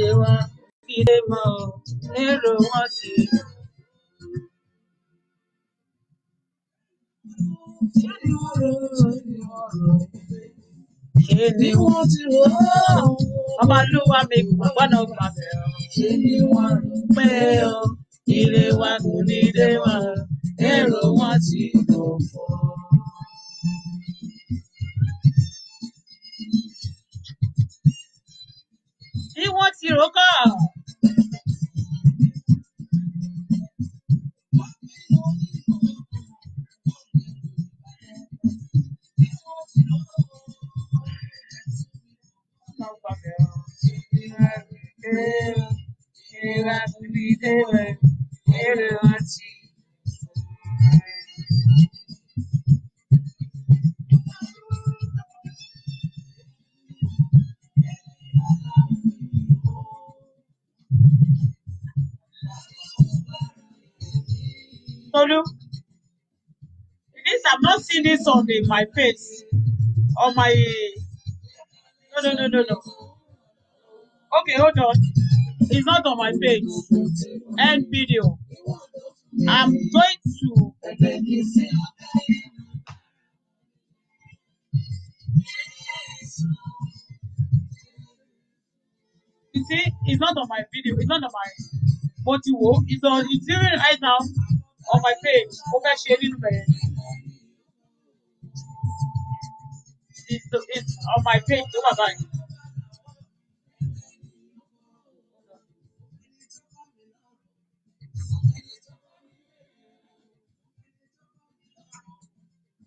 ilé wa fìdé mọ́ ò lérò wọn ti. Ṣé ni wọ́n rò ó ní wọ́n rò ó pé? Ṣé ni wọ́n ti rò ó? Ọba ló wá mi gbọ́dọ̀ gbàgbé. Ṣé ni wọ́n rò ó pé ilé wa kò ní dé wọn? ilewe elewachi Tolu, this I'm not seeing this on the, my face, on my. No, no, no, no, no. Okay, hold on. It's not on my page. End video. I'm going to. You see, it's not on my video. It's not on my motivo. It's on. It's even right now on my page. Okay, sharing It's, it's on my page. Oh my God.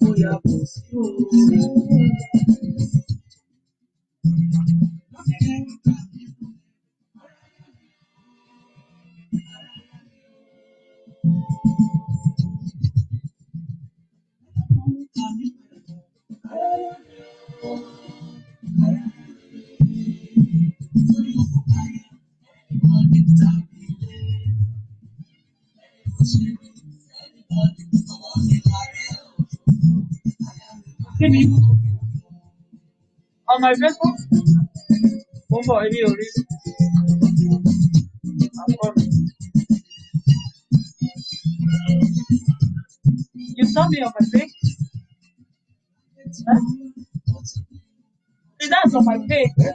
bóyá kò sí òun. On my vessel? I'm coming. You saw me on my page? Huh? That's on my page.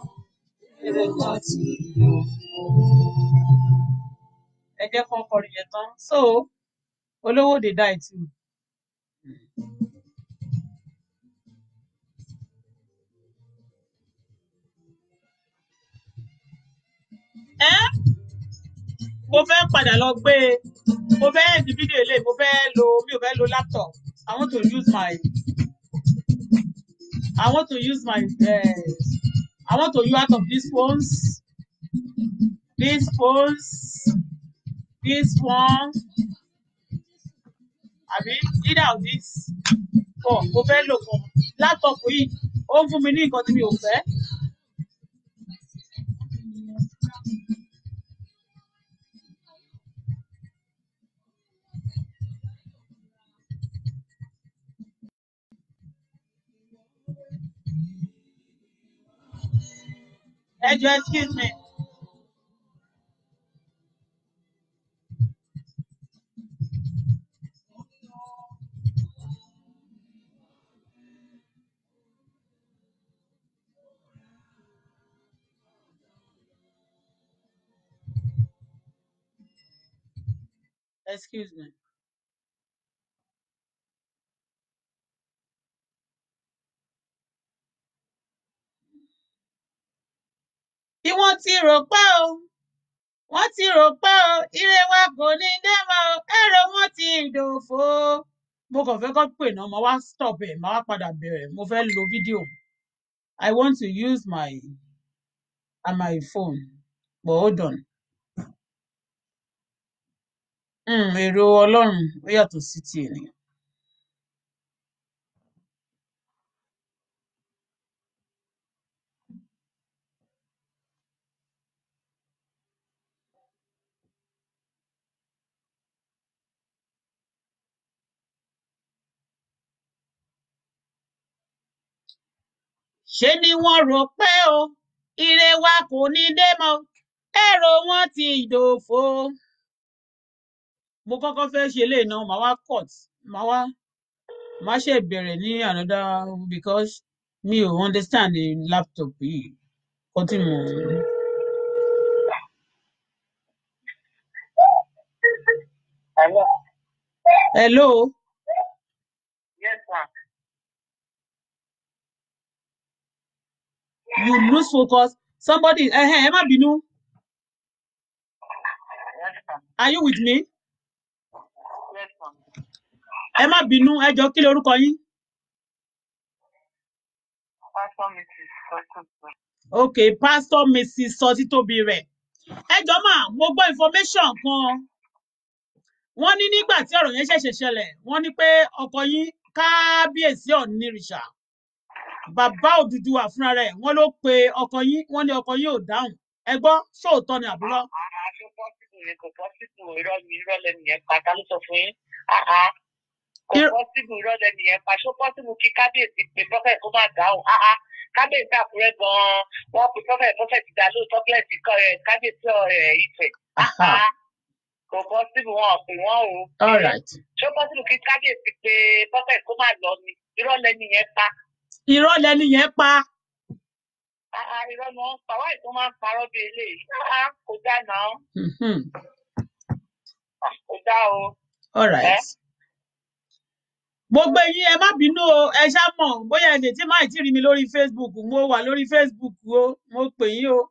nǹkan tí ẹ jẹ́ kán kọrin yẹn tán so olówó dey die too. ẹ mo fẹ́ padà lọ gbé e mo fẹ́ di fídíò ilé mo fẹ́ lo mi ò fẹ́ lo laptop I want to use my I want to use my. Uh, I want to you out of these phones. These phones. This one. I mean, of out this oh, Mo Go back fún. Laptop yìí. Ó ń fún mi ní nǹkan tí mi ò Ed, excuse me. Excuse me. ti rò pé o wọ́n ti rò pé o ire wa kò ní dé mọ́ o ẹ̀rọ wọn ti dòfo. mo kàn fẹ́ kọ́ pè náà mo wá stop ẹ̀ mo wá padà bẹ̀rẹ̀ mo fẹ́ lo fídíò I want to use my and uh, my phone but hold on. Mm, èrò ọlọ́run ó yàtọ̀ sí ti ènìyàn. ṣe ni wọn rò pé o ire wa kò ní dé mọ èrò wọn ti dòfo. mo kọ́kọ́ fẹ́ ṣe lè na màá wá court màá wá màá ṣe bẹ̀rẹ̀ ní another because mi ò understand the laptop yìí kọ́ tí mo. hello. hello. you lose focus somebody hey eh, Emma eh, Binu, bínú are you with me ẹ má bínú ẹ jọ kí lorúkọ yín. pastor mrs sọtítóbi rẹ ẹ jọ mà mo gbọ́ information kan wọ́n ní nígbà tí ọ̀rọ̀ yẹn ṣẹ̀ṣẹ̀ ṣẹlẹ̀ wọ́n ní pé ọkọ yín kábíyèsí ọ̀nìrìṣà bàbá Odùduwà fúnra rẹ̀ wọ́n ló pe ọkọ yín wọ́n ní ọkọ yín ò dáhùn ẹ gbọ́ sóòótọ́ ni àbúrò. àṣọ pọ́sìtì ni kò pọ́sìtì irọ́ mi irọ́ lẹ́nu yẹn pa ta ló sọ fún yín ah, ah. kò pọ́sìtì irọ́ lẹ́nu yẹn pa ṣó pọ́sìtì kí kábíyèsí pé prọfẹ̀t kó má dáhùn ah, kábíyèsí àkúrẹ́ gan-an wọ́n pe prọfẹ̀t prọfẹ̀t dá lóòótọ́ bíẹ̀sì eh, kábíyèsí eh, ìfẹ́ kò pọ́sìtì wọn pè wọ́n o ṣó pọ́sìtì kí kábíyèsí pé prọfẹ̀t kó má lọ ni irọ́ lẹ́nu yẹn pa irọ́ lẹni yẹn pa. irọ́ ni wọ́n pa wáyé tó máa ń parọ́ bíi eléyìí kò dá náà mm-hmm. all right. gbogbo yín ẹ má bínú o ẹ ṣá mọ̀ bóyá ẹ lè tí máa ti rí mi lórí facebook mo wà lórí facebook o mo pè yín o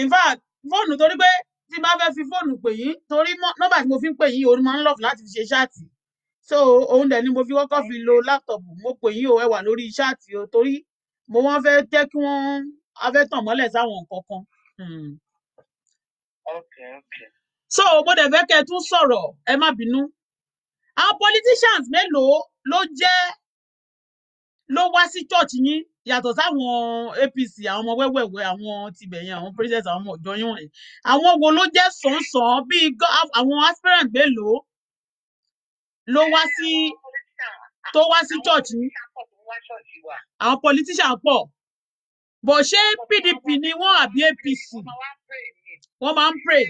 in fact fóònù torí pé tí n bá fẹ́ fi fóònù pè yín torí nọ́mbà tí mo fi ń pè yín òun máa ń lọ́ọ̀fù láti fi ṣe ṣáàtì so òun dẹ̀ ni mo fi kọ́kọ́ fi lo láptọ̀pù mo pè yín o ẹ wà lórí ṣáàtì o torí mo wọ́n fẹ́ jẹ́ kí wọ́n a fẹ́ tàn mọ́lẹ̀ sáwọn nǹkan hmm. okay okay. so mo dẹ̀ fẹ́ kẹ́ ẹ tún sọ̀rọ̀ ẹ má bínú àwọn politicians mélòó ló jẹ́ ló wá sí church yín yàtọ̀ sáwọn APC àwọn ọmọ wẹ́wẹ̀wẹ́ àwọn tibẹ̀ yẹn àwọn president àwọn ọmọ ọ̀jọ́ yín wọ̀nyí àwọn wo ló jẹ́ sànsàn bíi àwọn aspirant mélòó ló wá sí tó wá sí chọ́ọ̀chì yín àwọn politician pọ̀ bó ṣe PDP ni wọ́n àbí APC wọ́n máa ń pray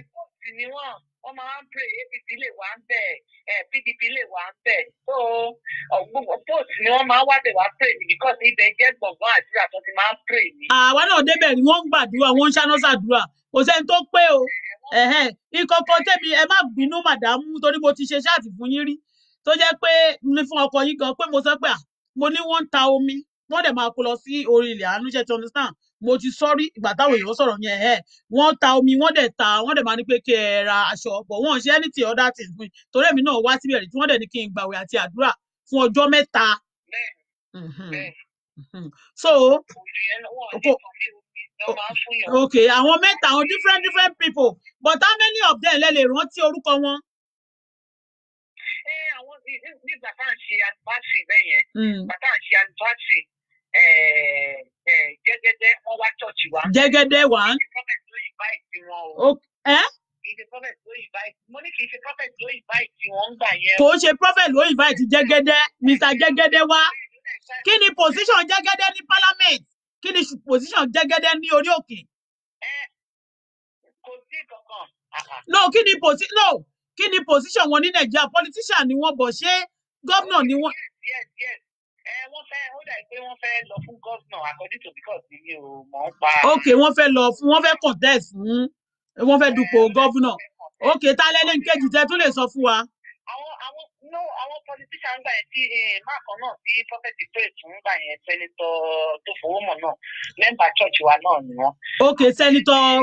wọ́n máa ń pè APC lè wá ń bẹ̀ ẹ̀ PDP lè wá ń bẹ̀ so post ni wọ́n máa ń wá bẹ̀ wá pè ní because ibẹ̀ jẹ́ gbọ̀ngàn àdúrà tó ti máa ń pè ní. àwa náà débẹ̀ ni wọ́n ń gbàdúrà wọ́n ń ṣáná ṣàdúrà kò sẹ́ni tó pé o ìkọ̀kọ̀ tẹ̀mí ẹ má bínú màdámù torí mo ti ṣe ṣáàtì fún yín rí tó jẹ́ pé ní fún ọkọ yín gan pé mo sọ pé à mo ní wọ́n ń ta omi wọ́n dẹ̀ máa kó lọ sí orí ilẹ̀ àánú ṣe ti understand mo ti sọ́rí ìgbà táwọn èèyàn sọ̀rọ̀ yẹn ẹ̀ wọ́n ta omi wọ́n dẹ̀ ta wọ́n dẹ̀ máa ní pé kí ẹ ra aṣọ ọ̀pọ̀ wọ́n ṣe anything other things fún mi torí èmi náà wá síbẹ̀ rí tí wọ́n dẹ̀ ní kí n gbàwẹ̀ àti àdúrà fún ọjọ́ mẹ́ta. so okay àwọn mẹ́ta àwọn different different people but how many of them lẹ lè rántí orúkọ wọn ní àwọn nígbà tá ṣe anifásì bẹ́ẹ̀ yẹn nígbà hmm. ṣe anifásì jẹ́gẹ́dẹ́ wọ́n wá ṣọ́ọ̀ṣì wa. jẹ́gẹ́dẹ́ wa. prophet ló invite wọn o. ìdè prophet ló invite mo ní kì í prophet ló invite wọn gbà yẹn. kò ṣe prophet ló invite jẹ́gẹ́dẹ́ mr jẹ́gẹ́dẹ́ wa kí ni position jẹ́gẹ́dẹ́ ní parliament kí ni position jẹ́gẹ́dẹ́ ní orí òkè. kò sí kankan. no kí ni position no kí ni position wọn ní nàìjíríà politician ni wọn bọ̀ ṣé gómìnà ni wọn. to because mi ò mọ̀ ń pa. ok wọ́n fẹ́ lọ fún wọ́n fẹ́ contest fún wọ́n fẹ́ dupò gómìnà ok ta lẹ́lẹ́ kejì tẹ́ tó lè sọ fún wa. àwọn politician gbà yẹn tí eh, máàkàn náà tí prophet pray fún gbà yẹn senator tó náà member church wa náà ni wọ́n. ok senator eh,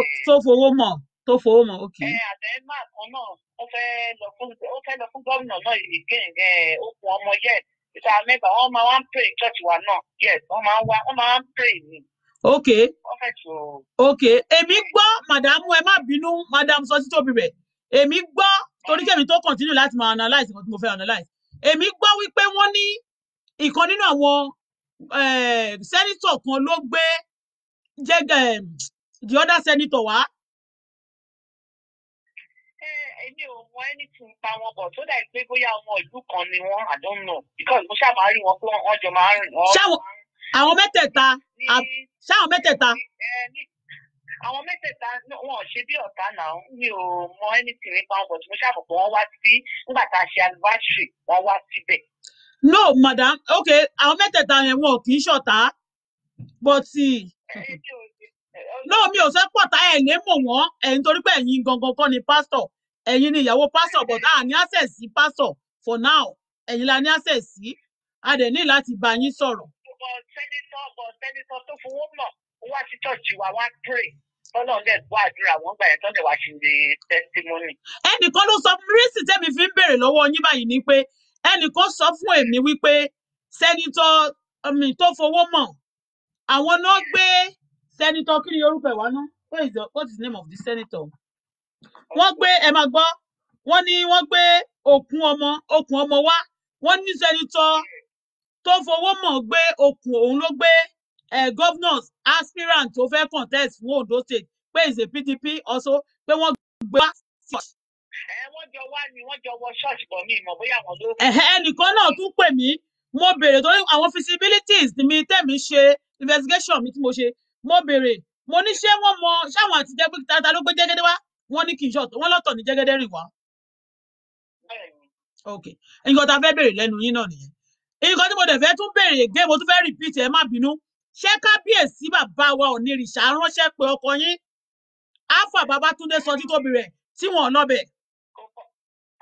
tó fowó ok. ẹ eh, àbẹ máàkàn náà ó fẹ́ lọ fún ó fẹ́ lọ fún gómìnà náà yìí gẹ̀ǹgẹ̀ okùn eh, ọmọ yẹ ìta mẹ́fà wọ́n máa ń pray church wa náà yes wọ́n máa ń wá wọ́n máa ń pray ni. ok ok èmi gbọ́ màdàmú ẹ má bínú màdàmú sọ títí òbí rẹ̀ èmi gbọ́ torí kẹ́mi tó continue láti máa analyse nǹkan tí mo fẹ́ analyse èmi gbọ́ wípé wọ́n ní ìkan nínú àwọn eh, sẹ́nitọ̀ kan ló gbé jẹ́gẹ̀ eh, the other senator wá àwọn anything pa wọn bọ̀ tó dàí pé bóyá ọmọ ìlú kan ni wọ́n I because mo ṣáà máa rí wọn pé wọ́n jọ máa ń rìn wọ́n. àwọn mẹ́tẹ̀ẹ̀ta ṣáwọn mẹ́tẹ̀ẹ̀ta. àwọn mẹ́tẹ̀ẹ̀ta wọn ò ṣe bí ọ̀tá náà mi ò mọ anything nípa wọn but mo ṣàpọ̀ pé wọ́n wá sí nígbà tá a ṣe anniversary wọ́n wá síbẹ̀. no madam okay àwọn mẹ́tẹ̀ẹ̀ta yẹn wọn kì í ṣọ̀tá but. no mi ò fẹ́ pọ̀tá ẹ̀ lé mọ̀ wọ́n ẹ̀ nítorí pé ẹ̀yin gangan kọ́ ni pásítọ̀ ẹ̀yin ni ìyàwó pásọ̀ but a ní access sí pásọ̀ for now ẹ̀yin la ní access sí a dẹ̀ ní láti bá yín sọ̀rọ̀. bọ̀ sẹ́nitọ́ bọ̀ sẹ́nitọ́ tó fowó mọ̀ wá sí church wa wá pray tọ́lọ́run lè gbọ́ àdúrà wọn gbà yẹn tọ́lẹ̀ wá ṣe lè testimony. ẹnìkan ló sọ fún rísì tẹ́mi fi ń béèrè lọ́wọ́ yín báyìí ni pé ẹnìkan sọ fún èmi wípé sẹ́nitọ́ mi tó fowó mọ̀ àwọn náà gbé sẹ́nitọ́ kí ni orúkọ ìwà náà what is the what is the name of the senator wọ́n gbé ẹ máa gbọ́ wọ́n ní wọ́n gbé òkun ọmọ òkun ọmọ wá wọ́n ní sẹ́nitọ́ tó fowó mọ̀ gbé òkun òun ló gbé governors aspirant tó fẹ́ contest fún Ondo state pé is a PDP also pé wọ́n gbé wá first. ẹ wọ́n jọ wá ni wọ́n jọ wọ ṣọ́ọ̀ṣì bọ̀ mí ìmọ̀ bóyá àwọn ló. ẹnìkan náà tún pè mí mo béèrè torí àwọn feasibilities mi tẹ̀mí ṣe investigation mi tí mo ṣe mo béèrè mo ní ṣé wọ́n mọ ṣáwọn àtijọ́ pé tata ló gbé jẹ́gẹ́dẹ́ wá wọ́n ní kì í ṣọ̀tọ̀ wọ́n lọ́tọ̀ ní jẹ́gẹ́dẹ́ rìn wá. ok nǹkan tá a fẹ́ béèrè lẹ́nu yín náà nìyẹn nǹkan tí mo dẹ̀ fẹ́ tún béèrè gé mo tún fẹ́ repeat ẹ má bínú ṣé kábíyèsí bàbá wa ò ní ìrìṣà ránṣẹ́ pé ọkọ yín alpha babatunde sọ títóbi rẹ̀ tí wọn ò lọbẹ.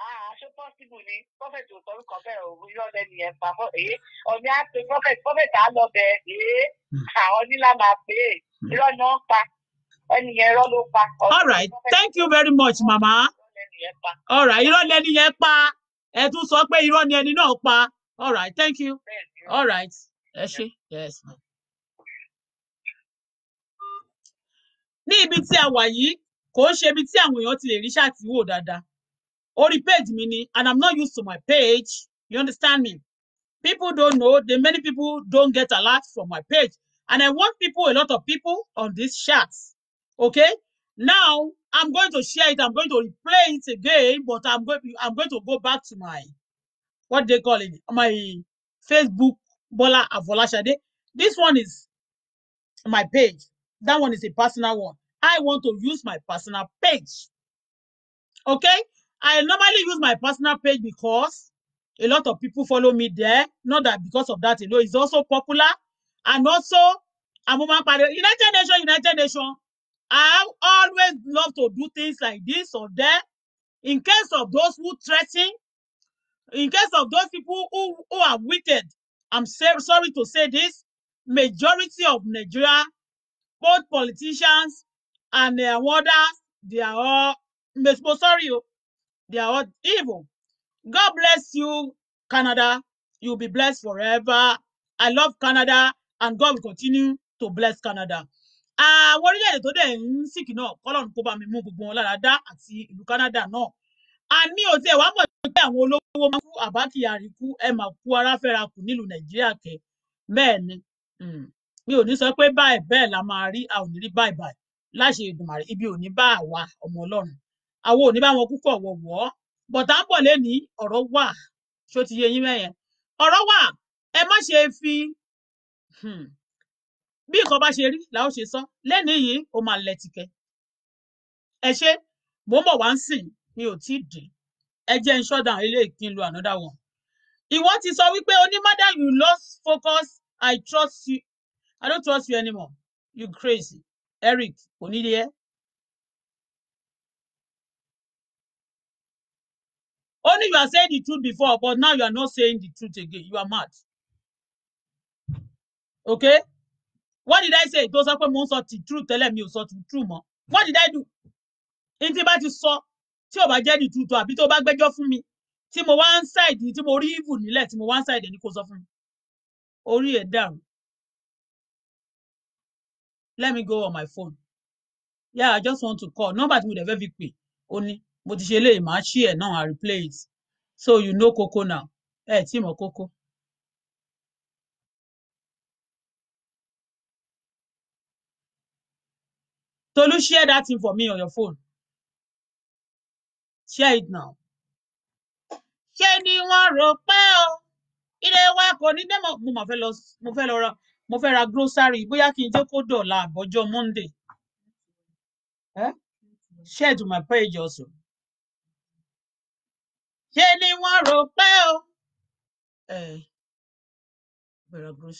Ah, ṣé pọ́sibù ni prọfẹ̀tì ò sọrúkọ bẹ́ẹ̀ ò yọ lẹ́nu yẹn pamọ́ èé ọ̀mí á pe prọfẹ̀tì prọfẹ̀tì á lọ bẹ̀ èé hmm. àwọn nílá máa pè é hmm. irọ́ ni wọ́n pa ẹni yẹn rọ́ ló pa. all right thank you very much mama all right irọ́ lẹni yẹn pa ẹ tún sọ pé irọ́ ni ẹni náà pa all right thank you all right ẹ ṣe yes ma. ní ibi tí a wà yìí kò ń ṣe ibi tí àwọn èèyàn ti lè rí ṣáàtì wò dáadáa orí page mi ni and i'm not used to my page you understand me people don't know the many people don't get alert from my page and i want people a lot of people on this chats Okay. Now I'm going to share it. I'm going to replay it again, but I'm going I'm going to go back to my what they call it my Facebook Bola Avolashade. This one is my page. That one is a personal one. I want to use my personal page. Okay. I normally use my personal page because a lot of people follow me there. Not that because of that alone, it's also popular. And also, I'm a United Nations, United Nations. I always love to do things like this or that. In case of those who threaten, in case of those people who, who are wicked, I'm say, sorry to say this, majority of Nigeria, both politicians and uh, their warders, they are all, most- sorry, oh, they are all evil. God bless you, Canada. You'll be blessed forever. I love Canada, and God will continue to bless Canada àwọn orílẹ̀-èdè tó dẹ̀ ń sìnkì náà kọ́lọ́run kó bá mi mú gbogbo wọn lára dá àti ìlú Canada náà a ní òtí ẹ̀ wá mọ̀ pé àwọn olówó máa kú Àbá Kyari kú ẹ mà kú ara fẹ́ra kù nílùú Nàìjíríà kẹ bẹ́ẹ̀ ni hmm, mi ò ní sọ pé báyìí bẹ́ẹ̀ la máa rí a ò ní rí báyìí báyìí láṣẹ Èdùmàrè ibi ò ní bá àwa ọmọ Ọlọ́run àwọn ò ní bá wọn kúkọ̀ wọ̀wọ́ bọ̀tà ń bọ̀ lẹ́ni ọ̀rọ̀ wà ṣó ti yé yín mẹ́yẹn ọ̀rọ̀ wà ẹ má ṣe fi hmm, bí nǹkan bá ṣe rí la ó ṣe sọ lẹ́nìí yìí ó máa lẹ tìkẹ́ ẹ ṣe mo mọ̀ wá ń sìn mi ò tí ì dé ẹ jẹ́ n shut down ilé ìkín lu another one ìwọ ti sọ wípé oní madam you lost focus i trust you i don't trust you anymore you crazy Eric onílé ẹ. only you are saying the truth before but now you are not saying the truth again you are mad okay what did i say tó sọ pé mo ń sọ ti true tẹ́lẹ̀ mi ò sọ ti true mọ́ what did i do n tí bá ti sọ tí ò bá jẹ́ ní tuntun àbí tó bá gbẹ́jọ́ fún mi tí mo wá ń ṣàìdì tí mo rí ìbù nílẹ̀ tí mo wá ń ṣàìdì ẹni kò sọ fún mi orí ẹ̀ dàrú let me go on my phone yeah i just want to call number tí mo dẹ̀ fẹ́ fi pè ó ní mo ti ṣe eléyìí màá ṣí ẹ̀ i replace. so you know Coco now ẹ tí mọ̀ Coco. Tolu, share that thing for me on your phone. Share it now. ṣé ni wọ́n rò pé o ilé wa kò ní dẹ́mọ̀ mo mo fẹ́ lọ ra mo fẹ́ ra grocery bóyá kí n jẹ́ kó dọ̀la àbọ̀jọ́ Monday eh? share to my page also. ṣé ni wọ́n rò pé o. Eh, ra grocery.